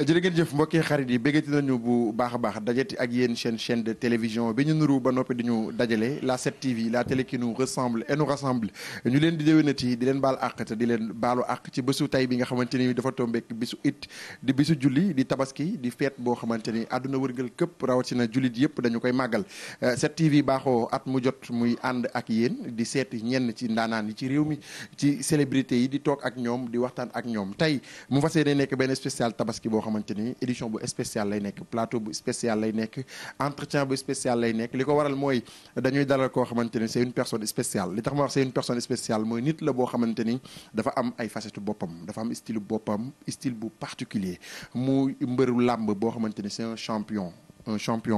jërë ngeen jëf mbokkee xarit yi béggati nañu bu baax baax dajati ak yéen chaîne chaîne de télévision bi ñu nuru ba noppi dañu ñu dajale la 7 TV la télé qui nous ressemble et ñu leen di déwénati di leen baal àq te di leen baalu àq ci bésu tay bi nga xamante ni dafa tombeek bisu it di bisu julli di tabaski di feet boo xamante ni àdduna wërgal këpp rawatina jullit yëpp dañu koy màggal 7 euh, TV baaxoo at mu jot muy ànd ak yéen di seeti ñenn ci ndaanaan yi ci réew mi ci célébrité yi di toog ak ñoom di waxtaan ak ñoom tey mu fas yéene nekk benn spécial tabaski boo xamante ni édition bu spécial lay nekk plateau bu spécial lay nekk entretien bu spécial lay nekk li ko waral mooy dañuy dalal koo xamante ni c'est une personne spéciale li tax ma wax c'est une personne spéciale mooy nit la boo xamante ni dafa am ay facettes boppam dafa am style boppam style bu particulier mu mbëru làmb boo xamante ni c'est un champion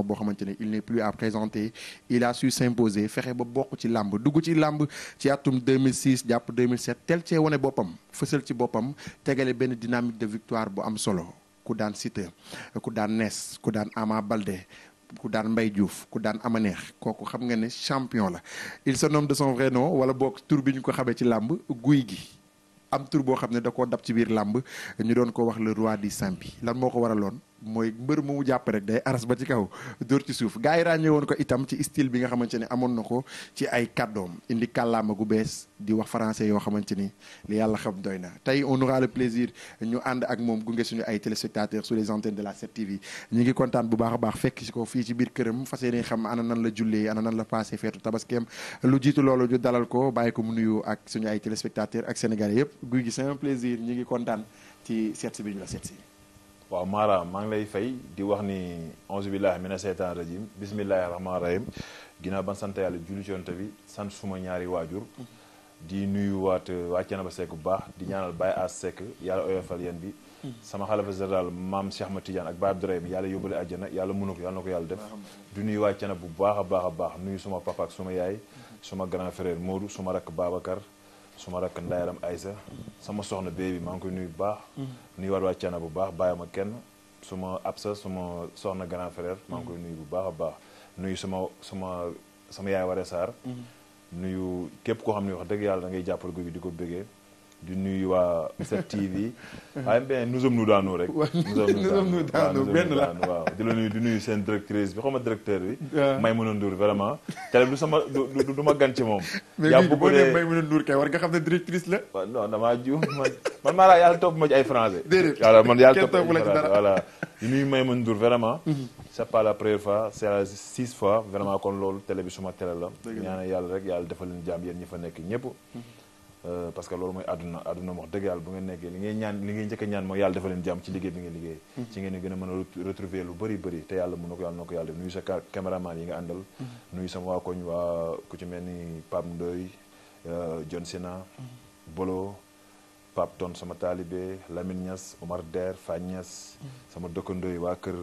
boo xamante ne il n'est plus à présenter il a su s'imposer fexe ba bokk ci làmb dugg ci làmb ci atum 2006 jàpp 2007 tel cee wane boppam fësal ci boppam tegale benn dynamique de victoire bu am solo ku daan Siteu ku daan Nees ku daan Ama balde ku daan mbay Diouf ku daan Amaneex kooku xam nga ne champion la il se nomme de son vrai nom wala boog tur bi ñu ko xamee ci làmb guy gi am tur boo xam ne da koo dab ci biir làmb ñu doon ko wax le roi du sampi lan moo ko waraloon mooy mbër mu mu jàpp rek day aras ba ci kaw dóor ci suuf gars yi ràññee woon ko itam ci style bi nga xamante ne amoon na ko ci ay kàddoom indi kàllaama gu bees di wax français yoo xamante ni li yàlla xam doy na tey on aura le plaisir ñu ànd ak moom gunge suñu ay téléspectateurs sur les antennes de la 7TV ñu ngi kontaan bu baax a baax fekk si ko fii ci biir këram fas yéene xam ana nan la jullee ana nan la passé feetu tabaskeem lu jiitu loolu ñu dalal ko bàyyi ko mu nuyu ak suñu ay ak sénégalais yëpp guy gi c'est un ngi kontaan ci seet bi ñu la seet si waaw Mara maa ngi lay fay di wax ni auzu billahi mina seytaan rajim bismillahi rahmaani rahim ginnaaw ba sant yàlla julli yonte bi sant suma ñaari waajur di nuyu waat waa Thiénaba Seck bu baax di ñaanal Baye As Seck yàlla oyofal yéen bi sama xalifa général maam Cheikh Ma Tidiane ak Baye Abdourahim yàlla yóbbale àjjana yàlla mënu ko yàlla na ko yàlla def du nuyu waa Thiénaba bu baax a baax a baax nuyu suma papa ak suma yaay suma grand frère Modou suma rakk Babacar suma rakk ay Aysa sama soxna bee bi maa ngi koy nuyu bu baax nuyu waat waa Thiana bu baax bàyyi ma kenn su ma suma absa suma soxna grand frère maa ngi koy nuyu bu baax a baax nuyu suma suma sama yaay waree saar nuyu képp koo xam ne wax dëgg yàlla da ngay jàppale guy gi di ko bëggee di nuyu waa 7TV waaye bien nous sommes nous dans nous rek. nous sommes nous dans nous benn la waaw di la nuyu di nuyu seen directrice bi xaw ma directeur bi. waaw Maimouna Ndour vraiment. télé du sama du du ma gan ci moom. yaa bëgg de mais Maimouna Ndour kay war nga xam ne directrice la. waaw non damaa jiw man maa la yàlla topp ma ci ay français. déedéet kenn topp la ci dara voilà di nuyu Maimouna Ndour vraiment. Mhm. c'est pas la première fois c'est la six fois vraiment kon loolu télé bi suma télé la. ñaanal yàlla rek yàlla defal leen jàmm yéen ñi fa nekk ñëpp. Mhm. Euh, parce que loolu mooy àdduna àdduna wax dëgg yàlla bu ngeen nekkee li ngay ñaan li ngay njëkk a ñaan mooy yàlla dafa leen jàmm ci liggéey bi ngeen liggéey hmm. ci ngeen gën a mën a retrouver lu bëri bëri te yàlla mën na ko yàlla na ko yàlla def nuyu sa caméraman yi nga àndal hmm. nuyu sama waa koñ waa ku ci mel ni Pape Ndoye euh, John Sina hmm. Bolo Pape Ton sama taalibe Lamine Niass Omar Der Fagne Niass sama dëkkandoo yi waa kër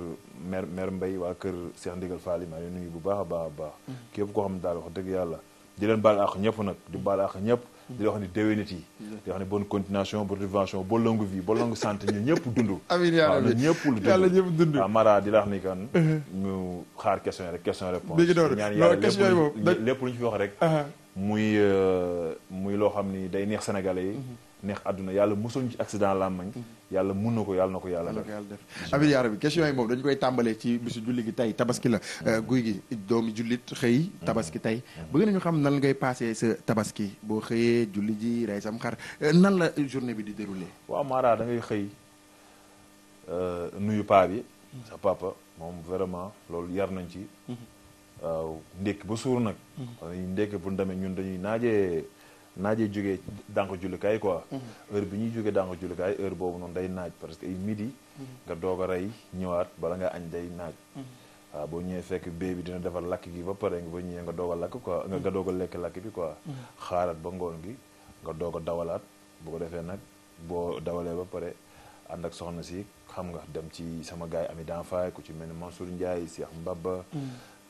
mère meer mbay waa kër Cheikh Ndigal Fall maa ngi bu baax a a baax képp koo xam ne daal wax dëgg yàlla di leen baal ñëpp nag di baal ñëpp di wax ni déwénit yi mm. di wax ni bonne continuation bonne révention ba longue vie ba longue santé ñun ñëpp dund amiin yàlla ñun ñëpp lu dund waaw Mara di la wax ni kan ñu xaar question rek question réponse ñaan yàlla lépp lu ñu fi wax rek muy euh, muy loo xam ni day neex sénégal yi mm-hmm. neex àdduna yàlla mosuñu ci accident làmmañ yàlla mun na ko yàlla na ko yàlla def Habib Yara bi question yi moom dañ koy tàmbalee ci bisu julli gi tey tabaski la euh, guy gi doomi jullit xëy tabaski tey mm-hmm. bëgg ñu xam nan ngay passé sa tabaski boo xëyee julli ji rey sam xar euh, nan la journée bi di déroulé waaw Mara da xëy euh, nuyu paa bi mm-hmm. sa papa moom vraiment loolu yar nañ ci mm-hmm. waaw ndékki ba suur nag ndékki bu ndamee ñun dañuy naajee naajee jógee dànk jullikaay quoi mhm. heure bi ñuy jógee dànk jullikaay heure boobu noonu day naaj parce que ay midi mhm. nga doog a rey ñëwaat bala nga añ day naaj mhm. waaw boo ñëwee fekk bee bi dina defar lakk gi ba pare nga ba ñëwee nga doog a lakk nga doog a lekk lakk bi quoi xaarat ba ngoon gi nga doog a dawalaat bu ko defee nag boo dawalee ba pare ànd ak soxna si xam nga dem ci sama gars yi ami d'enfance ku ci mel ni Mansour Ndiaye Cheikh ba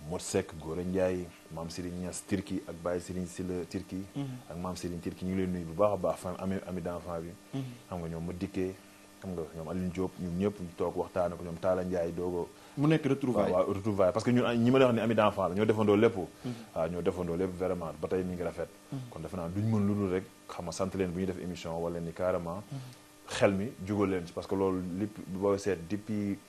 Mot Seck Gora Ndiaye maam Serigne Niass Turki ak Baye Serigne Sylla Turki mhm. ak maam Serigne Turki ñu ngi leen nuyu bu baax a baax fan ami ami d'enfant bi mhm. xam nga ñoom ma dikkee xam nga ñoom Alioune Diop ñoom ñëpp ñu toog waxtaan ak ñoom Talla Ndiaye doogo mu nekk retrouvaille waaw parce que ñun ñi ma lay wax ne ami d'enfant la ñoo defandoo lépp mhm. waaw ñoo defandoo lépp vraiment ba tey mi ngi rafet kon defe naa duñ mën lu dul rek xam nga sant leen bu ñuy def émission wala ni carrément xel mi jugal leen ci parce que loolu lépp boo seet depuis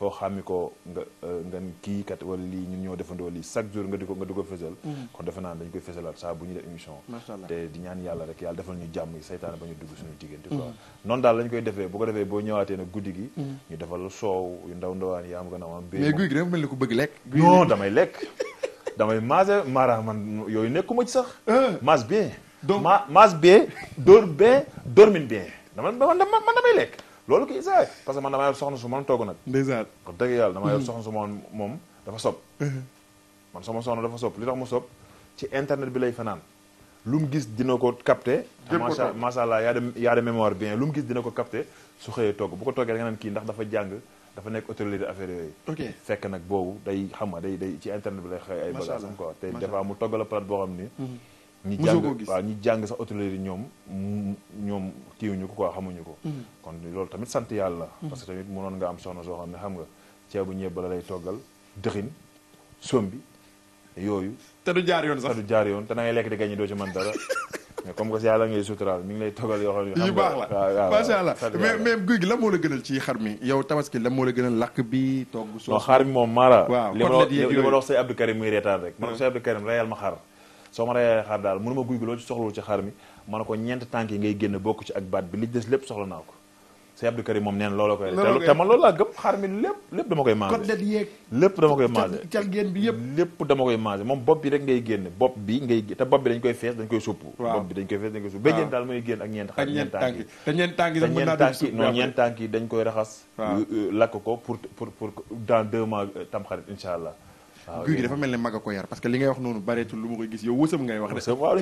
foo xàmmi ko nga euh, ngan kii kat wala lii ñun ñoo defandoo lii chaque jour nga di ko nga di ko fësal mm. kon defe naa dañ koy fësalaat saa bu ñuy def émission te di ñaan yàlla rek yàlla defal ñu jàmm yi saytaane ba ñu dugg suñu diggante quoi mm. noonu daal lañ koy defee bu ko defee boo ñëwaatee nag guddi gi mm. ñu defal soow yu ndaw ndawaan yi am gën a am mais guy gi dafa mel ni ku bëgg lekk non damay lekk damay maase maara man yooyu nekkuma ci sax euh. maas bien donc maas bien dóor bien dormin bien dama man damay loolu kii saay parce que man damaa yor soxna su man togg nag. yàlla damaa yor soxna su moom dafa sob man sama soxna dafa sob li tax ma sob ci internet bi lay fanaan lu mu gis dina ko capté macha allah yaa de yaa de mémoire bien lu mu gis dina ko capté su xëyee togg bu ko toggee da nga naan kii ndax dafa jàng dafa nekk autorité affaire yooyu ok fekk nag boobu day xam nga day day ci internet bi lay xëy ay bagages am quoi te des mu toggal a plate boo xam ni ñi jàng waaw ñi jàng sax hôtellerie ñoom ñoom kiiwuñu ko quoi xamuñu ko mm-hmm. kon loolu tamit sant yàlla mm-hmm. parce que tamit mënoon nga am soxna soo xam ne xam nga ceebu ñebba la lay toggal dëxin sombi yooyu te du jaar yoon sax te du jaar yoon te na lekk di gañe doo ci mën dara mais comme que yàlla ngay suturaal mi ngi lay toggal yoo xam ne yu baax la macha allah mais mais guy gi la moo la gënal ci xar mi yow tabaski la moo la gënal lakk bi togg soo xar mi moom maara waaw li ma dox say Abdou Karim muy reetaan rek man ah. say soo ma reyee xar daal mënuma guy gi loo ci soxlawul ci xar mi ma ne ko ñeent tànk yi ngay génn bokk ci ak baat bi li des lépp soxla naa ko si Abdou Karim moom neen looloo koy te man loolu laa lépp lépp koy mangé lépp dama koy mangé calgeen lépp dama koy mangé moom bopp bi rek ngay génn bopp bi ngay te bopp bi dañ koy fees dañ koy supp bopp bi dañ koy fees dañ koy supp ba ñeent daal mooy génn ak ñeent xar ñeent tànk yi te ñeent tànk yi mën naa tànk yi non ñeent dañ koy raxas euh, euh, lakk ko pour pour pour dans deux mois euh, tam xarit allah Ah, guy gi dafa mel ne mag a ko yar parce que li ngay wax noonu bareetul lu ma koy gis yow wësam ngay wax de sama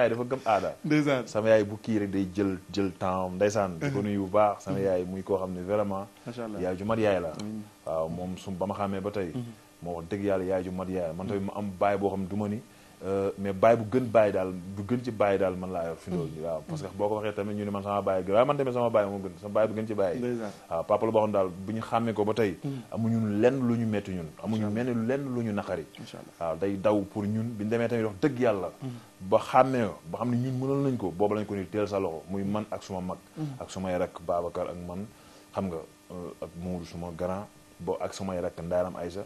yaay dafa gëm aada ndeysaan sama yaay bu rek day jël jël temps ndeysaan di ko uh-huh. nuyu bu baax sama yaay muy koo xam ne vraiment yaay ju mat yaay la waaw moom su ba ma xamee ba tey uh-huh. moo wax dëgg yàlla yaay ju mat yaay la man tamit ma am baay boo xam duma ni Euh, mais baay bu gën baay daal bu gën ci bàyyi daal man laa yor fi ndool mm. waaw parce mm. boo ko waxee tamit ñu ne man sama baay gi waaye man tamit sama baay moo gën sama baay bu gën ci baay waaw papa bu ñu xàmmee ko ba tey mm. amuñu lenn lu ñu metti ñun amuñu menn lenn lu ñu naqari waaw day daw pour ñun bi ñu demee tamit wax dëgg yàlla ba xàmmee ba xam ne ñun mënal nañ ko boobu lañ ko ni teel sa loxo muy man ak suma mag ak sumay rakk Babacar ak man xam nga euh, ak Mourou suma grand bo ak sumay rakk ndaaram Aïssa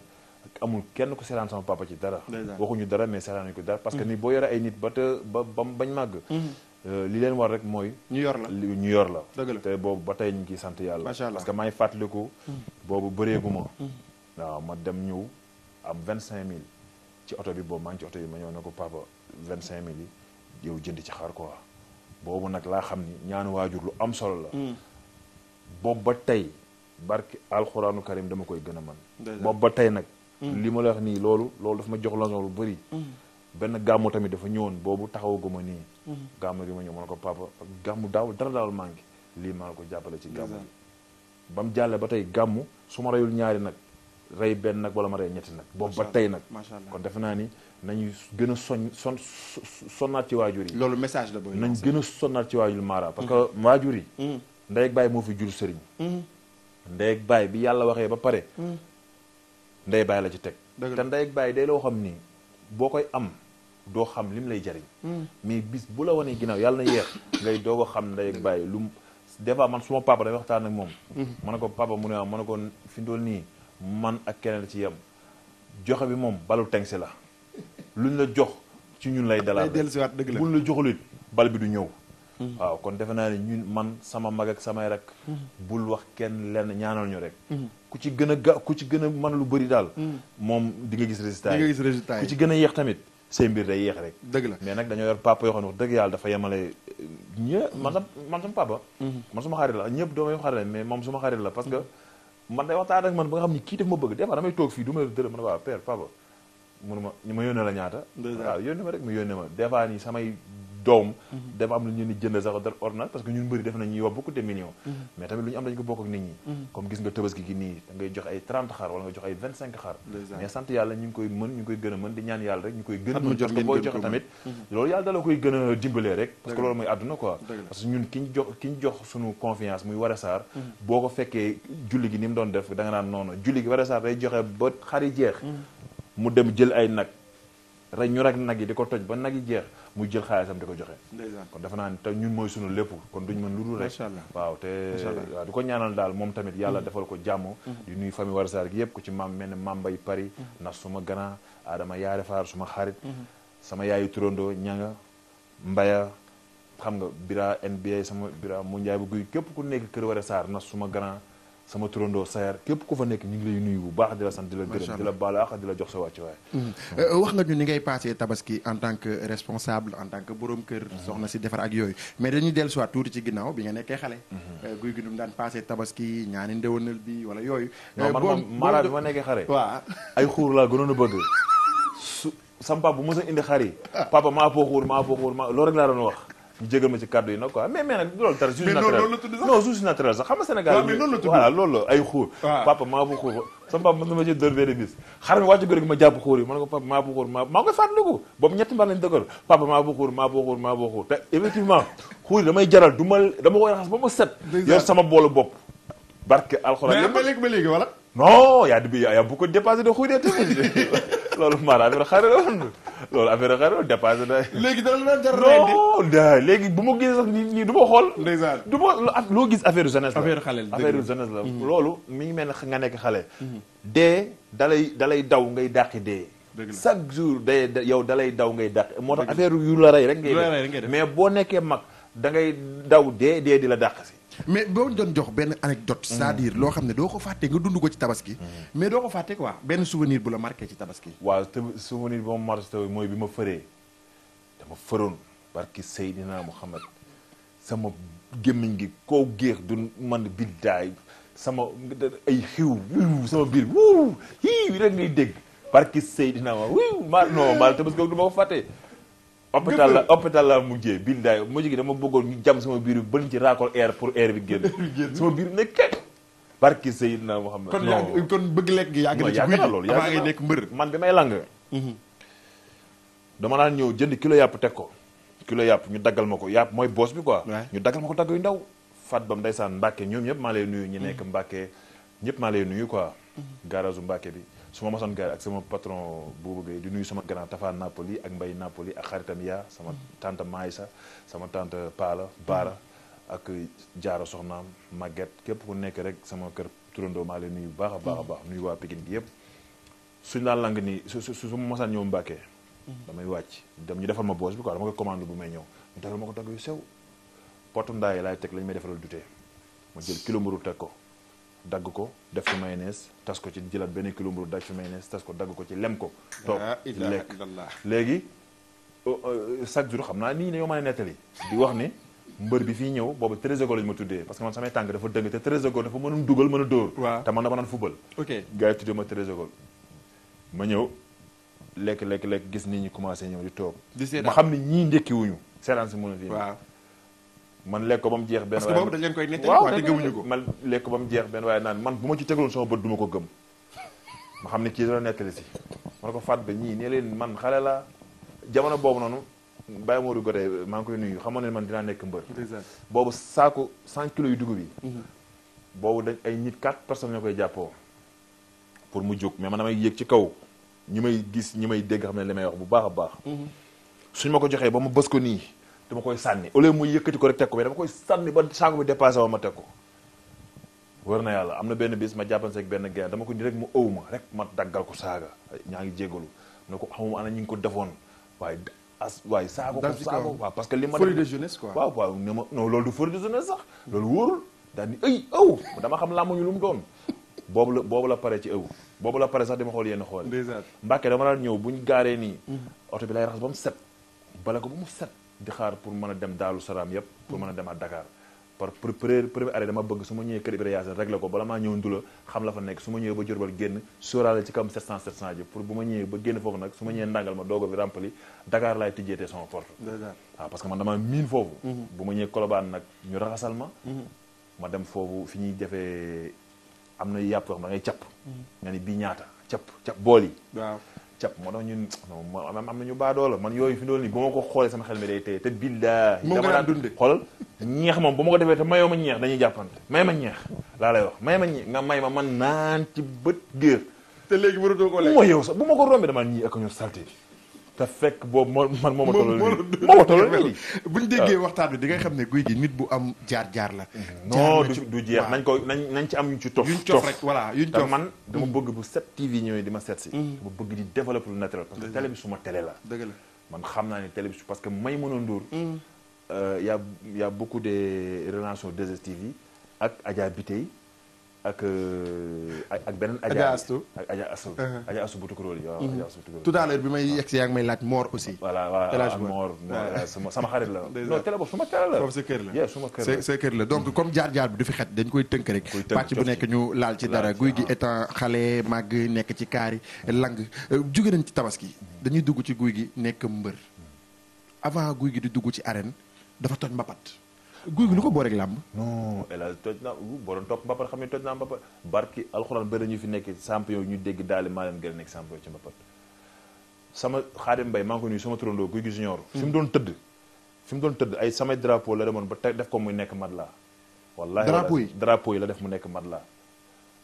amul kenn ku seetaan sama papa ci dara waxuñu dara mais seetaanuñu ko dara parce que mm. ni boo yore ay nit ba te ba ba bañ màgg mm-hmm. euh, li leen war rek mooy ñu yor la ñu yor la te boobu ba tey ñu ngi sant yàlla parce que maa ngi fàttaliku mm. boobu bëreeguma mm. waaw ma dem ñëw am vingt cinq mille ci oto bi boobu maa ngi ci oto bi ma ñëw ne ko papa vingt cinq mille yi yow jënd ci xar quoi boobu nag laa xam ni ñaanu waajur lu am solo la boobu ba tey barki alxuraanu karim dama koy gën a mën boobu ba tey nag li ma la wax nii loolu loolu dafa ma jox leçon lu bëri mm-hmm. benn gàmmu tamit dafa ñëwoon boobu taxawaguma nii mm-hmm. gàmmu gi ma ñëw ma ne ko papa gàmmu daaw dara daawal manqué lii maa ko jàppale ci gàmmu bi ba mu jàlle ba tey gàmmu su ma reyul ñaari nag rey benn nag wala ma rey ñetti boobu ba tey nag kon defe naa ni nañu gën a soñ son sonnaat ci waajur yi loolu message la booy nañ gën a sonnaat ci waajur maara parce que mm-hmm. waajur yi ndey ak baay moo fi jur sëriñ ndey ak bi yàlla waxee ba pare ndey bàyyi la ci teg te ndey ak bàyyi day loo xam nii boo koy am doo xam lim lay jariñ hmm. mais bis bu la wanee ginnaaw yàlla na yeex ngay doog a xam ndey ak bàyyi lu des fois man suma papa day waxtaan ak moom hmm. man ne ko papa mu ne ma ne ko fi ndool nii man ak keneen la ci yem joxe bi moom balu si la lu luñ la jox ci ñun lay dalaat buñ la joxul it bal bi du ñëw Mm-hmm. waaw kon defe naa ne ñun man sama mag ak samay rek. Mm-hmm. bul wax kenn lenn ñaanal ñu rek. Mm-hmm. ku ci gën a ga ku ci gën a man lu bari daal. moom di nga gis résultat yi di nga gis yi ku ci gën a yéex tamit. seen mbir day yéex rek. dëgg la mais nag dañoo yor papa yoo xam ne wax dëgg yàlla dafa yemale ñë man sam man sama papa. man suma xarit la ñëpp doomam xarit la mais moom suma xarit la parce que man day waxtaan ak man ba nga xam ni kii daf ma bëgg des damay toog fii du ma dërëm munuma ñu ma yónnee la ñaata. waaw yónnee ma rek mu yónnee ma des fois nii samay doom. Mhm. dafa am lu ñu leen jënd sax ordonnance parce que ñun bëri def nañ ñuy wax beaucoup de millions. Mhm. mais tamit lu ñu am dañ ko bokk ak nit ñi. Mhm. comme gis nga tabaski gi nii da ngay ñu ngi koy mën ñu ngi koy a mën di ñaan yàlla rek ñu koy gën a mën parce que boo joxe tamit loolu yàlla dala koy gën a dimbalee rek parce que loolu mooy àdduna quoi parce que ñun ki jox ki confiance muy war a saar boo ko fekkee julli gi ni mu doon def da nga naan noonu julli gi war a saar day joxe ba xari jeex mu dem jël ay nag rek ñu rek nag yi di ko toj ba nag yi jeex mu jël xaalisam di ko joxe. kon dafa naa ni te ñun mooy sunu lépp kon duñ mën lu dul rek. waaw te waaw ko ñaanal daal moom tamit yàlla mm-hmm. defal ko jàmm. Mm-hmm. di nuyu famille Warsar gi yëpp ko ci maam mel ne maam Mbay Paris. Mm-hmm. ndax suma grand Adama yaare faar suma xarit. sama yaayu turandoo ñanga mbaya xam nga bira NBA sama bira mu njaay bu képp ku nekk kër war saar na suma grand. sama turandoo Sayar képp ku fa nekk ñu ngi lay nuyu bu baax di la sant di la gërëm di di la jox sa wàcc waaye mm. euh, wax nga ñu ni ngay passé tabaski en tant que responsable en tant que borom kër mm-hmm. soxna si defar ak yooyu mais dañuy dellu soit tuuti ci ginnaaw bi nga nekkee xale mm-hmm. euh, guy gi dum daan passé tabaski ñaani ndéwanal bi wala yooyu non euh, man moom mara bi ma nekkee xare waaw ay xuur laa gënoon a bëgg su sam papa bu mos a indi xar yi ah. papa maa foo xuur maa foo xuur maa wax ñu ma ci kàddu yi nag quoi mais mais nag loolu dara juge naturel non juge naturel sax xam nga Sénégal voilà loolu ay xuur ah. papa maa bu xuur sama papa mën na ma ci dër benn bis xar mi wàccu góor gi ma jàpp xuur yi ma ne ko papa maa bu xuur maa maa koy fàttaliku boobu ñetti mbar lañ papa maa bu xuur maa bu xuur maa bu xuur te effectivement xuur yi damay jaral du dama koy raxas ba mu set yor sama boolu bopp barke alxuraan ba léegi ba léegi wala non y' a y' a beaucoup dépassé de xuy de tamit loolu maanaam affaire xare loolu affaire xare woon léegi dara la jar léegi bu ma gisee sax du xool. ndeysaan du loo gis affaire jeunesse la. affaire xale la affaire la. Mhm. loolu mi ngi mel nga nekk xale. Mhm. dee dalay dalay daw ngay dàqi dee. chaque jour day yow dalay daw ngay dàq. moo tax affaire yu la rey rek ngay def mais boo nekkee mag da ngay daw dee dee di la dàq si. mais boo doon jox benn anecdote mm. c'est-à-dire loo xam ne doo ko fàttee nga dund ko ci tabaski mm. mais doo ko fàtte waa benn souvenir bu la marqué ci tabaski waaw te souvenir bu ma marqué mooy bi ma fëree dama fëroon barki Seydina Muhammad sama gémmiñ gi koo géex du man biddaay sama ay xiw sama biir wuu hii rek ngay dégg barki Seydina ma wiw maa non maa tabaski du ma ko fàtte hôpital la hôpital la mujjee bindaay mujj gi dama bëggoon ñu jam sama biir bi bën ci raccord air pour air bi génn sama biir ne kenn barki Seydina Mouhamed kon yaa kon bëgg lekk gi yàgg na ci biir loolu yaa ngi nekk mbër man bi may mhm. dama naan ñëw jënd kilo yàpp teg ko kilo yàpp ñu daggal ma ko yàpp mooy boos bi quoi ñu daggal ma ko dagg yu ndaw fat bam ndeysaan Mbàkke ñoom ñëpp maa lay nuyu ñu nekk mhm. Mbàkke ñëpp maa lay nuyu quoi mhm. garasu Mbàkke bi su ma masoon gars ak sama patron boobu gay di nuyu sama grand Tafa Napoli ak Mbay Napoli ak xaritam yaa sama tante Maïssa sama tante Paala Baara ak Jaara Soxnaam Maguette képp ku nekk rek sama kër turandoo maa leen nuyu baax a baax a baax nuyu waa Pikine gi yëpp su laa lang nii su su su ma masaan ñëw Mbàkke damay wàcc dem ñu defal ma boos bi quoi dama ko commande bu may ñëw ñu defal ma ko togg yu sew potu ndaa yi laay teg lañu may defaral dutee ma jël kilo mburu ko dagg ko def ci mayonnaise tas ko ci jëlaat benn kilo mburu dagg ci mayonnaise tas ko dagg ko ci lem ko toog lekk léegi euh, euh, chaque jour xam naa nii ne yow mën a nettali di wax ni mbër bi fii ñëw boobu trésego lañu ma tuddee parce que man samay tànk dafa dëng te trésego dafa mënoon dugal mën a dóor te man dama a football ok gars yi tuddee ma trésego ma ñëw lekk lekk lekk gis nit ñi commencé ñëw di toog ma xam ne ñii ndékkiwuñu seetaan si mën man lekk ko ba mu jeex benn waaye parce que boobu ko man lekk ko ba mu jeex benn waaye bu ma ci tegaloon sama bët du ko gëm ma xam ne kii dana nettali si man ko fàtt ba ñii ne leen man xale la jamono boobu noonu Baye Modou Gote maa ngi koy nuyu xamoon ne man dinaa nekk mbër boobu saaku 100 kilos yu dugub yi mhm. boobu dañ ay nit quatre personnes ñoo koy jàppoo pour mu jóg mais man damay yéeg ci kaw ñi may gis ñi may dégg xam ne li may wax bu baax a baax mhm. suñ ma ko joxee ba mu bës ko nii dama koy sànni au lieu muy yëkkati ko rek ko mais dama koy sànni ba sangu bi dépassé wa ma teg ko wër na yàlla am na benn bis ma jàppanseeg benn gain dama ko ni rek mu ëw rek ma daggal ko saaga ñaa ngi jégalu ne ko xamuma ana ñu ngi ko defoon waaye as waaye saago ko saago parce que li ma folie de jeunesse quoi waaw waaw ne ma non loolu du folie de jeunesse loolu wóorul daal ni ay xam làmb ñu lu mu doon boobu la boobu la pare ci ëw boobu la pare sax di ma xool yenn xool mbàkke dama daan ñëw buñ gaaree nii mm-hmm. oto bi lay raxas ba mu set bala ko ba mu set di xaar pour mën a dem daalu Salaam yëpp pour mën a demaat Dakar par premier premier arrêt dama bëgg su ma ñëwee kër Ibra Yaasin réglé ko bala maa ñëw ndula xam la fa nekk su ma ñëwee ba Jurbel génn sóoraale ci kam 700 700 ji pour bu ma ñëwee ba génn foofu nag su ma ñëwee ndàngal ma doogo fi ràmpali Dakar laay tijjeetee sama porte waaw parce que man dama miin foofu mhm. bu ma ñëwee Colobane nag ñu raxasal ma mhm. ma dem foofu fi ñuy defee am na yàpp yoo xam da ngay capp mhm. nga ni bii ñaata capp capp bool yi cap moo tax ñun am am nañu baadoo la man yooyu fi doon nii ba ma ko xoolee sama xel mi day téye te billaahi dama daan dundee xoolal ñeex moom ba ma ko defee te mayoo ma ñeex dañuy jàppante may ma ñeex laa lay wax may ma ñeex nga may ma man naan ci bët géer te léegi waratoo ko lekk yow sax bu ma ko rombee dama ñii ak ñu salté te fekk boobu moo man moo ma tolloo nii moo ma tolloo nii bu ñu déggee ah. waxtaan bi di nga xam ne guy gi nit bu am mhm. jaar jaar la. non du jeex nañ ko nañ nañ ci am yuñ ci tof. yuñ cof rek voilà yuñ cof man dama mm. bëgg bu set TV ñëwee di ma seet si. dama mm. bëgg di développer lu naturel parce que mm. télé bi suma télé la. dëgg la man xam naa ne télé bi parce que may mënoon dóor. y' a y' a beaucoup de relations 2STV ak Adja Biteye. Euh, ak ak beneen. Adja Astu ak Adja Astu. Adja Astu bu tukuróol yi waaw mhm. Adja Astu bu bi may yegg si yaa ngi may laaj Mor aussi. voilà voilà Mor sama xarit la. non télé boobu suma télé la. foofu sa kër la suma kër la kër la donc mm-hmm. comme jaar jaar bi du fi xet dañ koy tënk rek. pàcc bu nekk ñu laal ci dara guy gi étant xale màgg nekk ci kaari lang euh, jóge nañ ci tabaski. dañuy dugg ci guy gi nekk mbër avant guy gi di dugg ci arène dafa toj mbapat guy gi lu ko booleeg làmb. non El Hadj toj naa boo doon topp mbapat xam ne toj naa mbapat barki alxuraan bëri ñu fi nekk champion ñu dégg daal maa leen gën a nekk champion ci mbapat. sama Xaadim Mbay maa doon tëdd fi doon tëdd ay samay drapeau la demoon ba te def ko muy nekk matelas. wallaahi drapeau yi drapeau yi la def mu nekk matelas.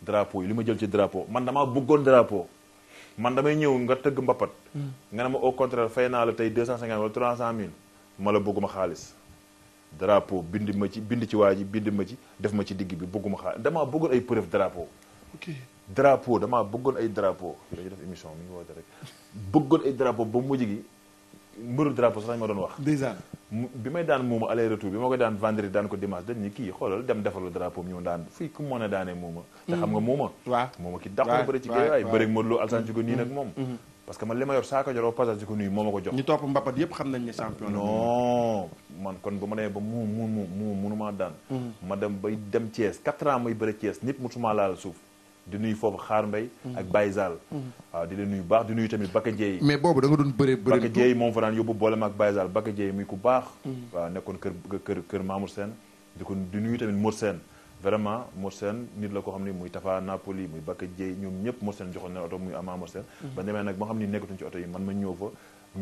drapeau yi li ma jël ci drapeau man damaa bëggoon drapeau. man damay ñëw nga tëgg mbapat. Hmm. nga ne ma au contraire fay naa la tey deux cent cinquante wala trois cent mille ma la bëgguma xaalis drapeau bind ma ci bind ci waa ji bind ma ci def ma ci digg bi bëgguma xaar damaa bëggoon ay preuve drapeau. ok drapeau damaa bëggoon ay drapeau dañuy def émission mi ngi woote rek bëggoon ay drapeau ba mujj gi mbëru drapeau sax lañ ma doon wax. dèjà bi may daan moomu aller retour bi ma koy daan vendredi daan ko dimanche dañ ni kii xoolal dem defalu drapeau ñëw daan fii ku mën a daanee mooma. te xam nga mooma. Mm. waaw mooma ki dàq la bëri ci géej waay bëri ak Modou Lo Alassane mm. Diouf nii nag moom. Mm-hmm. parce que man li ma yor saako jaroo passage di ko nuyu moo ma ko jox. ñu topp mbapat yëpp xam nañ ne champion. non man kon ba ma demee ba mu mu mu mu daan. Mhm. ma dem bay dem Thiès quatre ans may bëri Thiès nit suma laal suuf. di nuyu foofu xaar mbay mhm. ak Baye Zal. Mhm. waaw di leen nuyu baax di nuyu tamit Bakka Dieye. mais boobu da nga doon bëree bëree. Bakka Dieye moom fa daan yóbbu boolem ak Baye Zal Bakka Dieye muy ku baax. waaw nekkoon kër kër kër Mamour di ko di nuyu tamit vraiment Mor nit la ko xam ne muy Tafa Napoli muy Bakka Dieye ñoom ñëpp Mor joxoon na oto muy Ama Mor mhm. ba demee nag ba xam ne nekkatuñ ci oto yi man ma ñëw fa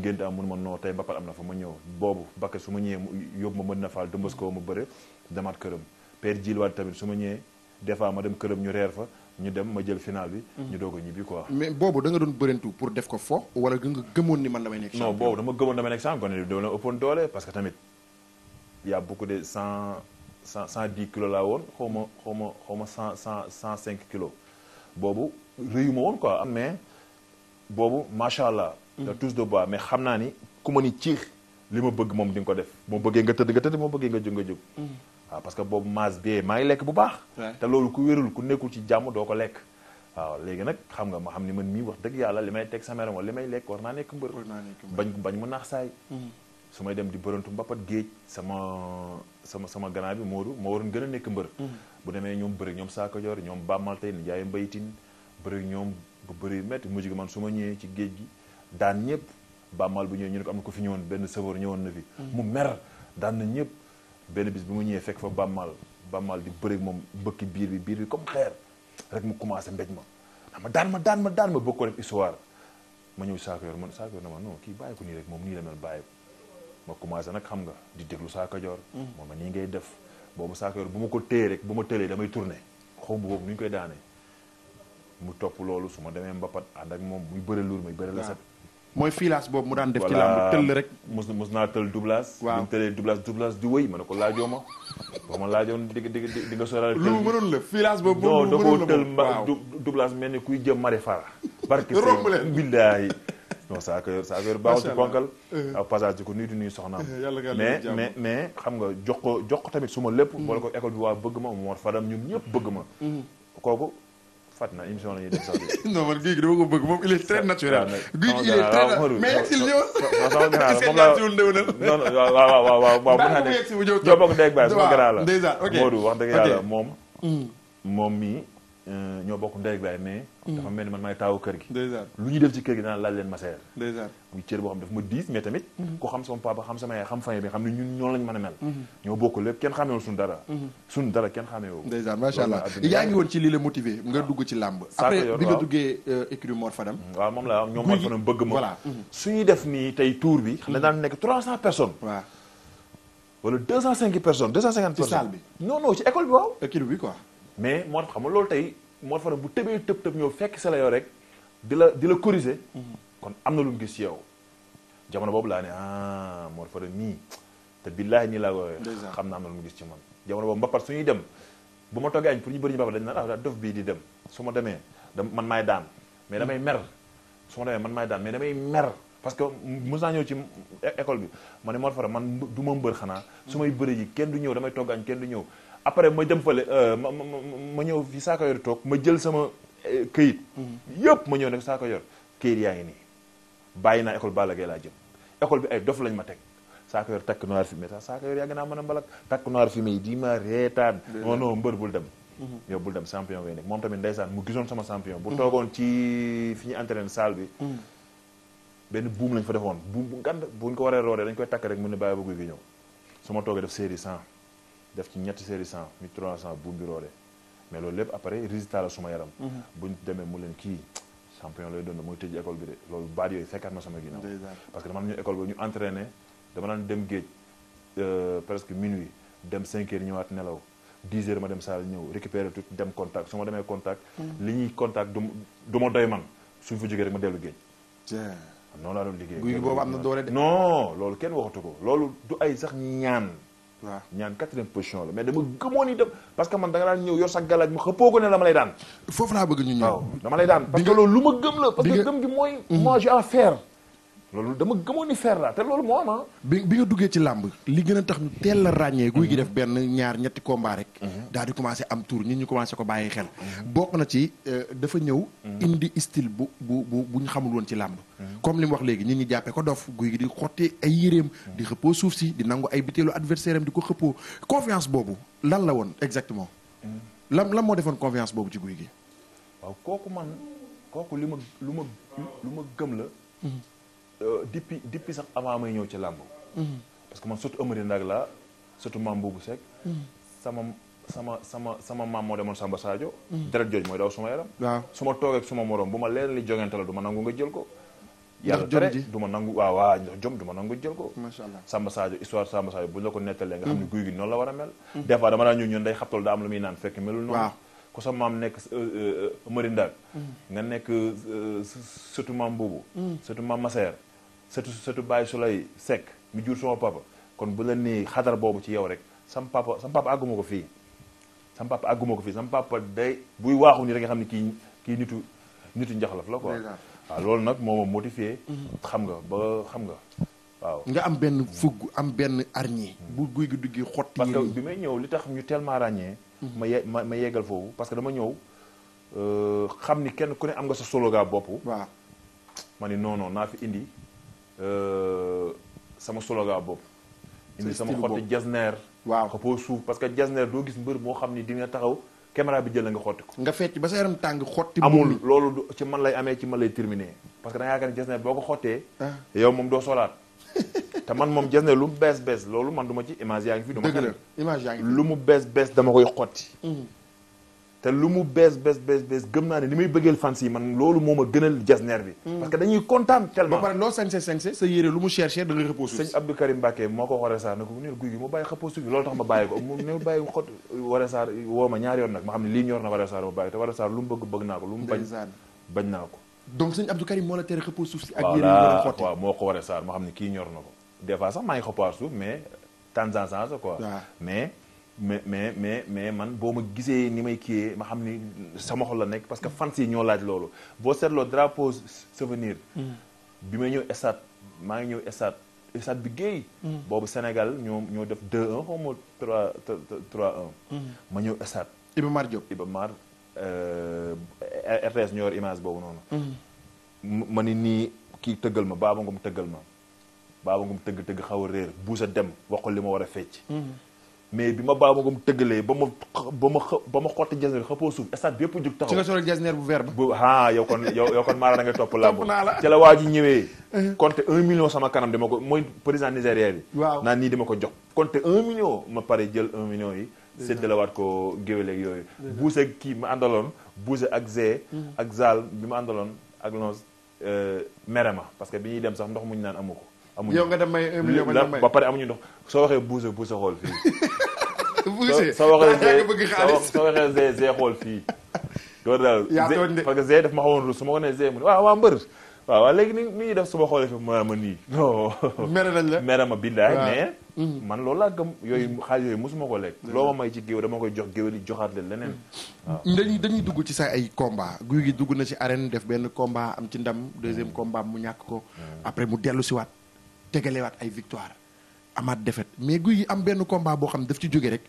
ngénte am mun ma noo tey mbappal am na fa ma ñëw boobu Bakka su ma ñëwee yóbbu ma ma bëre demaat këram Père ma dem këram ñu reer ñu dem ma jël bi mhm. ñu doog mais boobu da nga doon bërintu pour def ko fo wala da nga gëmoon ni dama gëmoon damay nekk champion ne doo la ëppoon doole parce que tamit y a de sans cent cent dix kilos laa woon xaw ma xaw ma xaw ma cent cent cent cinq kilos boobu rëyu ma woon quoi mais boobu macha allah. da mm. tous de bois mais xam naa ni ku ma ni ciix li ma bëgg moom di nga ko def moo bëggee nga tëdd nga tëdd moo bëggee nga jóg nga jóg. Mm. waaw parce que boobu maas bee maa ngi lekk bu baax. te loolu ku wérul ku nekkul ci jàmm doo ko lekk. waaw léegi nag xam nga ma xam ni man mii wax dëgg yàlla li may teg sa yaram li may lekk war naa nekk mbër. bañ b mu naax saay. Mm. su may dem di bërëntu mbapat géej sama sama sama ganaar bi Modou moo waroon gën a nekk mbër mm-hmm. bu demee ñoom bëri ñoom saako joor ñoom bàmmaltey njaay mbaytin bëri ñoom bu bëri métti mujj gi man su ma ñëwee ci géej gi daan ñëpp bàmmal bu ñëwee ñu am na ko fi benn sëfoor ñëwoon na fi mm-hmm. mu mer daan na ñëpp benn bis bi mu ñëwee fekk fa bàmmal bàmmal di bëri moom bëkki biir bi biir bi comme xeer rek mu commencé mbéj ma ma daan ma daan ma daan ma ko def histoire ma ñëw saako yor man saako yor na ma non kii bàyyi ko nii rek moom nii la mel bàyyi ko ma commencé nag xam nga di déglu Saaka Joor mm. moom ma nii ngay def boobu Saaka Joor bu ma ko téye rek bu ma tëlee damay tourné xaw ma boobu nu ñu koy daanee mu topp loolu su ma demee Mbapat ànd ak moom muy bëri luur muy bëri la set mooy filaas boobu mu daan def ci làmb tëll rek mos mos naa tël doublage waaw mu tëlee doublage doublage di ma ne ko laajoo ma ba ma laajoon di di di nga soral lu mënoon la filaas boobu non da koo tël mba mel ni kuy jëm mari fara barke romb leen billaahi non sa kër sa kër baaxul ci ponkal eh. ak passage di ko nuyu di nuyu soxnaam eh, mais mais mais xam nga jox ko jox ko tamit su ma lépp boole mm. ko école bi waa bëgg ma Omar Fadam ñun ñëpp bëgg ma mm. kooku fat na émission la ñuy moom mii Euh, ñoo bokk ndey ak baay mais. Hmm. dafa mel ni man maay taawu kër gi. lu ñuy def ci kër gi daan laal leen maseer. muy cër boo xam dafa ma diis mais tamit. Hmm. ko xam sama papa xam sama yaay xam famille bi xam ne ñun ñoo lañ a mel. Hmm. ñoo bokk lépp kenn xamewul suñu dara. suñu dara kenn xamewul. ndeysaan macha allah yaa ngi woon ci lii la motivé nga euh, moom laa ñoom Mor Fadam bëgg ma. voilà suñuy def tey tour bi. xam ne daan nekk 300 personnes. wala 205 personnes 250 personnes. ci salle bi non ci école bi waaw. écurie bi quoi mais moo tax xam ma loolu tey moo tax bu tëbee tëb tëb ñëw fekk sa yoo rek di la di la corriger. kon am na lu mu gis ci yow. jamono boobu laa ne ah Mor Fadam nii te billaahi nii laa ko xam na am na lu mu gis ci man. jamono boobu mbapat su ñuy dem bu ma toggee añ pour ñu bëri ñu mbapat dañu naan ah dof bii di dem su demee da man maay daan mais damay mer su ma demee man maay daan mais damay mer parce que mës naa ñëw ci école bi ma ne Mor Fadam man du ma mbër xanaa su may bëri ji kenn du ñëw damay togg añ kenn du ñëw après ma dem fële euh, ma ma ma ñëw fi saako yor toog ma jël sama euh, këyit. Mhm. yëpp ma ñëw ne saako yor këyit yaa ngi nii bàyyi naa école Balla Gaye laa jëm école bi ay dof lañ ma teg. saako yor takk noir fumier sax yàgg naa mën a mbalak takk noir fumier yi di ma reetaan oh non mbër bul dem mhm. yow bul dem champion ngay nekk moom tamit ndeysaan mu gisoon sama champion bu mhm. toogoon ci fi ñu entraîné saal bi benn buum lañ fa defoon buum bu ngand buñ ko waree rooree dañ koy takk rek mun ne bàyyi ba guy gi ñëw ma toogee def série def ci ñetti série cent mi trois cent bu mbiroole mais loolu lépp après résultat la suma yaram mhm. buñ demee mu leen kii champion doon mooy tëj bi de loolu baat yooyu fekkaat ma sama ginnaaw parce que dama ñu école bi ñu entraîné dama daan dem géej euh, presque minuit dem 5 heures ñëwaat nelaw 10 heures ma dem saal ñëw récupérer tout dem contact su mhm. ma du ma doy man suñ fa jógee ma dellu géej noonu laa doon liggéey guy boobu am na doole de non loolu kenn waxatu ko loolu du ay sax ñaan waaw ñaan quatrième position la mais dama gëmoon itam parce que man da nga daan ñëw yor sa galaaj ma xëppoo ko ne dama lay daan foofu laa bëgg ñu ñëw dama lay daan parce que lu ma gëm la parce que gëm gi mooy moi mm-hmm. j'ai à faire loolu dama gëmoon ni feer laa te loolu moo am ah. bi bi nga duggee ci làmb li gën a tax nu teel la ràññee. guy gi mhm. def benn ñaar ñetti kombaa rek. Mhm. daal di commencé am tour ñun ñu commencé ko bàyyi xel. Mhm. bokk na ci euh, dafa ñëw. indi style bu bu bu bu ñu xamul woon ci làmb. comme li mu wax léegi ñun ñu jàppee ko dof guy gi di xotti ay yéreem. di xëppoo suuf si di nangu ay biteelu adversaire am di ko xëppoo confiance boobu lan la woon exactement. lan la moo defoon confiance boobu ci guy gi. kooku man kooku li ma lu ma ma gëm la. Euh, depuis depuis sax avant may ñëw ci làmb mhm. parce que man surtout Amari Ndag laa surtout maam Boubou Seck mhm. sama sama sama sama maam moo demoon Samba Sadio mhm. deret jooj mooy daw suma yaram waaw su ma toogee bu ma leen li jongante la du ma nangu nga jël ko yàlla tere du ma nangu waaw waaw ndax ma nangu jël ko macha allah Samba Sadio histoire Samba Sadio bu ñu ne guy la a mel des fois dama daan ñëw ñun day xabtal sa maam nekk Amari euh, euh, Ndag nga nekk surtout maam Boubou setu sëtu sëtu Baye Soulay Seck mi jur sama papa kon bu la nii xadar boobu ci yow rek sam papa sam papa àgguma ko fii sam papa àgguma ko fii sam papa day buy waaxu ni rek nga xam ne kii kii nitu nitu njaxlaf la quoi waa loolu nag moo ma motivé mhm. xam nga ba xam nga waaw nga am benn fugg am benn arñi mhm. bu guy gi duggi xotti parce bi may ñëw li tax ñu tellement ràññee mhm. ma ye ma ma yeggal foofu parce que dama ñëw euh, xam ni kenn ku ne am nga sa slogan bopp waaw ma ni non non naa fi indi Euh, sama solo boobu bopp. indi sama xotti jasneer. waaw xëppoo suuf parce que jasneer doo gis mbër moo xam ni di taxaw caméra bi jël nga xotti ko. nga fecc ba sa yaram tàng xotti. amul loolu ci man lay amee ci man lay terminer. parce que da nga yaakaar boo ko xottee. Ah. yow moom doo solaat. te man moom jasneer lu mu bees bees loolu man du ma ci image yaa ngi fi. dama lu mu bees bees dama koy xotti. Mm. te lu mu bees bees bees bees gëm naa ne li muy bëggeel fans yi man loolu moo ma gënal Jesner bi. Hmm. parce que dañuy kontaan tellement. ba pare loo sañse sañse sa yére lu mu chercher da nga reposé. sëñ ko waree saar ne ko loolu tax ma bàyyi ko mu ne bàyyi xot waree saar woo ma yoon nag ma xam ne lii ñor na waree saar ma bàyyi te waree saar lu mu bëgg bëgg naa ko. lu mu bañ bañ naa ko. donc sëñ Abdou moo la tere reposé suuf si. ak yére yu war a xotti waaw moo ko waree saar ma xam ne kii ñor na ko des mais mais mais mais man boo ma gisee ni may kii ma xam ni sama xol la nekk parce que fans yi ñoo laaj loolu boo seetloo drapeau souvenir mm. bi may ñëw stade maa ngi ñëw stade stade bi géey mm. boobu Sénégal ñoo ñoo def 2-1 xaw ma mm. ma ñëw stade Mar Diop Iba Mar euh, RTS ñoo yor image boobu noonu ma ni nii kii tëggal ma baaba mu tëggal ma baaba ngum tëgg tëgg xaw a réer buusa dem waxul li ma war a fecc mais bi ma baa magom tëggalee ba ma ba ma ba ma xotti jasneer xëppoo suuf stade bi yëpp jug taxaw ci nga solo jasneer bu vert ba bu ah yow kon yow yow kon maara da ngay topp làmb ci la waa ji ñëwee uh-huh. compté un million sama kanam dama ko mooy président Nigéria bi waaw naan nii dama ko jox compté un million ma pare jël un million yi séddalawaat ko géwéleeg yooyu buuse kii kii ma àndaloon buuse ak zee mm-hmm. ak zal bi ma àndaloon ak lons euh, ma parce que bi ñuy dem sax ndox muñ naan amu ko amuñu yow nga dem may 1 million ma may ba pare amuñu ndox soo waxee buuse buuse xool fii. buuse soo waxee zee xool fii. loolu daal zee parce que zee daf ma xawoon ruus su ma ko nee zee mu ne waaw waa mbër. waaw léegi ni ni def su ma xoolee fi ma ma nii. non mere nañ ma billaay mhm. man loolu laa yooyu mhm. xaalis yooyu mosuma ko lekk. Mhm. loo ma may ci géew dama koy jox géew li joxaat leen leneen. waaw mm. dañuy dugg ci sax ay combat guy gi dugg na ci arène def benn komba am ci ndam deuxième mm. combat mu ñàkk ko. Mm. après mu dellu si waat. tegalewaat ay victoire amaat defet mais guy gi am benn compa boo xam daf ci jóge rek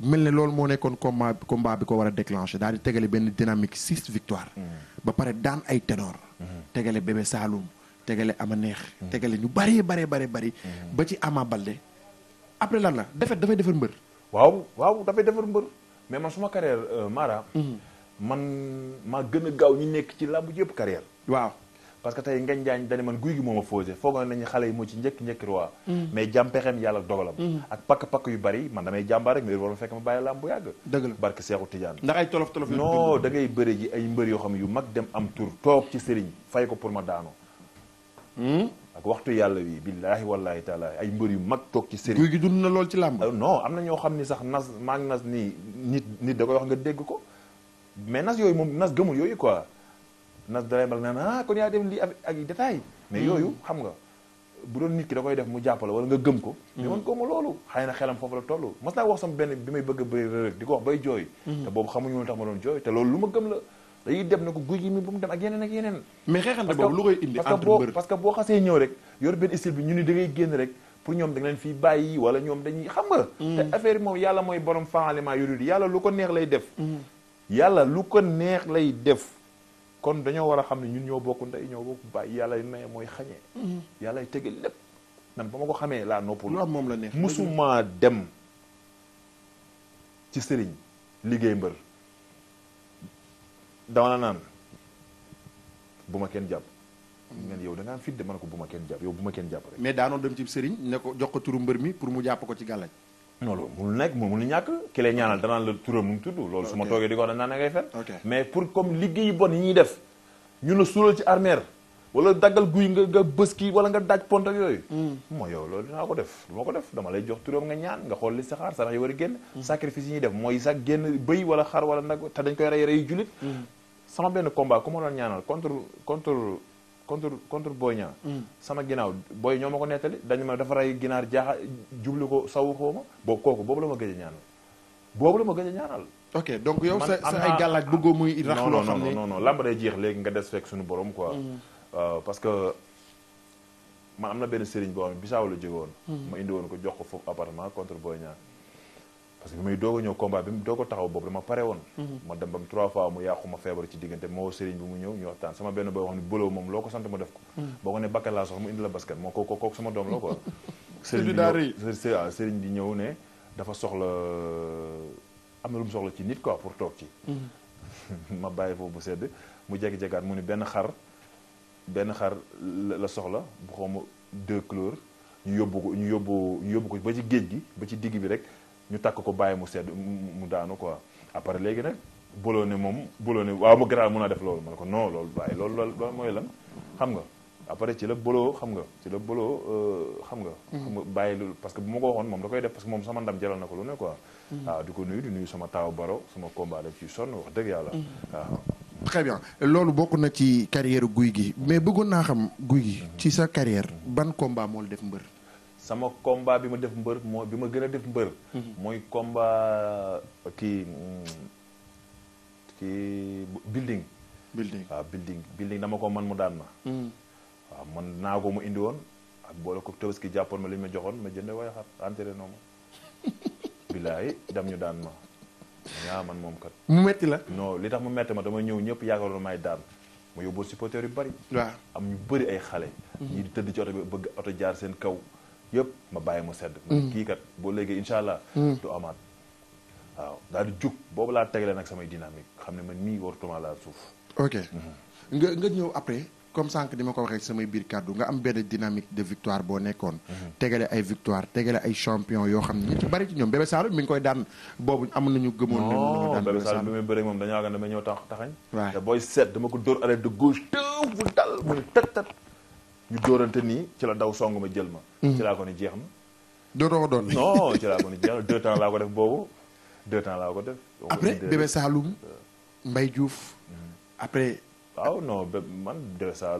mel ne loolu moo nekkoon combat combat bi ko war a déclenché daal di tegale benn dynamique six victoire mm. ba pare daan ay ténor mm. tegale bébé Saloum tegale a neex mm. tegale ñu bëree bare bare bëri ba ci amaa Baldé après lan la défaite dafay defar mbër waaw waaw dafay defar mbër mais man suma carrière euh, Mara mm-hmm. man maa gën a gaaw ñu nekk ci làmb yëpp carrière waaw parce que tey ngeen jaañ dañu man guy gi a fausé foogoon nañu xale yi moo ci njëkk njëkki roi mm. mais jàm pexeem yàlla dogalam mm. ak pakk-pakk yu bari man damay jàmbaar rek ma bàyyi mbër yoo xam ne yu mag dem am tur toog ci sëriñ fay ko pour ma daanoo hmm? ak waxtu yàlla wi billaahi wallaahi taala ay mbër yu mag toog ci sëriñ guy gi dund na lool ci làmb euh, non am na ñoo xam ni sax nas maa ngi nas nii nit nit da koy wax nga dégg ko mais nas yooyu moom nas gëmul yooyu quoi nas dalay mal naan ah kon yaa dem lii ak yi détail mais hmm. yooyu xam nga bu doon nit ki da koy def mu jàppale wala nga gëm ko hmm. mais man gëmuma loolu xëy na xelam foofu la toll mas naa wax sama benn bi may bëgg a bëri rërëg di ko wax hmm. ma doon jooy te loolu lu ma gëm la na ko bu mu dem ak ak yeneen mais xeexante boobu lu koy indi entre mbër que boo xasee rek yor bi ñu ni da ngay génn rek pour ñoom da nga wala ñoom dañuy xam nga te yàlla mooy borom faalement yooyu yàlla lu ko neex lay def yàlla lu ko neex lay def kon dañoo war a xam ne ñun ñoo bokk ndey ñoo bokk bàyyi yàlla maye mooy xañee mhm. yàlla tege lépp nan ba ma ko xamee laa noppul moom la neex musuma dem ci sëriñ liggéey mbër dama la naan bu ma kenn jàpp ngeen mhm. yow da nga am fit de ko bu ma kenn jàpp yow bu ma kenn jàpp rek mais daanoo dem ci sëriñ ne ko jox ko turu mbër mi pour mu jàpp ko ci gàllaaj non loolu mënul nekk mënul ñàkk ki lay ñaanal danaan la turam mu ngi tudd loolu su ma toogee di ko wax danaa ne ngay fen mais pour comme liggéeyu bon yi ñuy def ñu la suulal ci armeer wala daggal guy nga nga bës kii wala nga daaj pont ak yooyu hmm. moo yow loolu dinaa ko def du ko def dama lay jox turam nga ñaan nga xool li saxaar sarax yi war a génn hmm. sacrifice yi ñuy def mooy sax génn bëy wala xar wala nag te dañ koy rey rey julit hmm. sama benn combat ku ma doon ñaanal contre contre contre Boy Niang mm. sama ginnaaw booy ñoo ma ko nettali dañu ma dafa rey ginaar jaaxa jublu ko sawu ko ma boobu boobu la ma gëj a ñaanal boobu la ma gëj a ñaanal ok donc yow sa sa ay gàllaaj bëggoo muy rax loo xam ne non non làmb day jeex léegi nga des fekk suñu borom ko mm. euh, parce que man am na benn sëriñ boo xam ne bisaaw la jóge woon mm. ma indi woon ko jox ko foofu appartement contre Boy Niang parce que bi may doog a ñëw combat bi doog a taxaw boobu dama pare woon mhm. ma dem bam trois fois mu yàqu ma feebar ci diggante moo sëriñ bi mu ñëw ñu waxtaan sama benn boo xam ne bëloo moom loo ko sant ma def ko mhm. sox la sama doom la quoi sëriñ bi ah, ñëw ne dafa soxla am na soxla ci nit quoi pour toog ci mhm. ma bàyyi foofu bu sedd mu jekki-jekkaat mu ni benn xar benn xar la soxla bu xaw ma deux couleurs ñu yóbbu ñu yóbbu ñu yóbbu ko ba ci géej gi ba ci digg bi rek ñu takk ko bàyyi mu sedd mu daanu quoi après léegi nag bolone moom bolone waaw mu garaal mun a def loolu ma ne ko non loolu bàyyi loolu loolu mooy lan xam nga après ci la boloo xam nga ci la boloo euh, xam nga. Mm-hmm. xam nga bàyyi loolu parce que bu ma ko waxoon moom da def parce que moom sama ndam jëlal na ko lu ne quoi. waaw mm-hmm. ah, di ko nuyu di nuyu sama taaw baro sama combat daf ciy sonn wax dëgg yàlla. waaw. Mm-hmm. Ah. très bien loolu bokk na ci carrière guy gi mais bëggoon naa xam guy gi. ci sa carrière ban combat moo def mbër. sama komba bi ma def mbër moo bi ma gën a def mbër. Mhm. mooy komba kii kii building. building waaw dama ko man mu daan ma. Mhm. waaw man naa ko mu indi woon ak boole ko tabaski jàppoon ma li ma joxoon ma jënd waaye xar entraînement ma. bilaay dam ñu daan ma. yaa man moom kat. mu metti la. non li tax mu metti ma dama ñëw ñëpp yaakaaroon may daan ma yóbbu supporteur yu bari. waaw am ñu bëri ay xale. Mhm. ñii di tëdd ci oto bi bëgg oto jaar seen kaw. yépp ma bàyyi mu sedd ma ne mm. kii kat boo léegi incha allah mm. du amaat waaw daal di jug boobu laa tegle nag samay dynamique xam ne man mii warutuma laal suuf ok mm-hmm. nga nga ñëw après comme sànq ni ma ko waxee samay biir kàddu nga am benn dynamique de victoire boo nekkoon mm-hmm. tegale ay victoire tegale ay champion yoo xam ne ñu ci bari ci ñoom Bébé Saloum mi ngi koy daan boobu am nañu gëmoon ne Bébé Saloum bi muy bëri moom dañoo xam ne dama ñëw tax taxañ waaw te booy seet dama ko dóor arrêt de gauche tëw ñu dóorante nii ci la daw song ma jël ma. Mhm. ci laa ko ne jeex na. dootoo ko doon non ci laa ko ne jeex na deux temps laa ko def boobu deux temps laa ko def. après Bébé Saloum euh. Mbaye Diouf mhm. après. waaw non man Bébé Saloum.